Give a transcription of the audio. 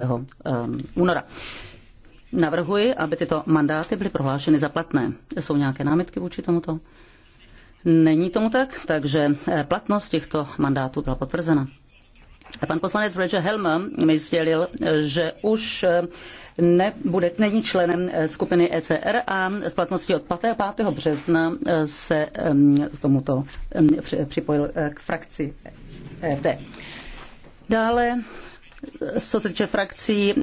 Ehm, února. Navrhuji, aby tyto mandáty byly prohlášeny za platné. Jsou nějaké námitky vůči tomuto? Není tomu tak, takže eh, platnost těchto mandátů byla potvrzena. A pan poslanec Roger Helmer mi sdělil, že už eh, nebude, není členem eh, skupiny ECR a s platností od 5. 5. března se ehm, k tomuto ehm, připojil k frakci e FD. Dále co se týče frakcí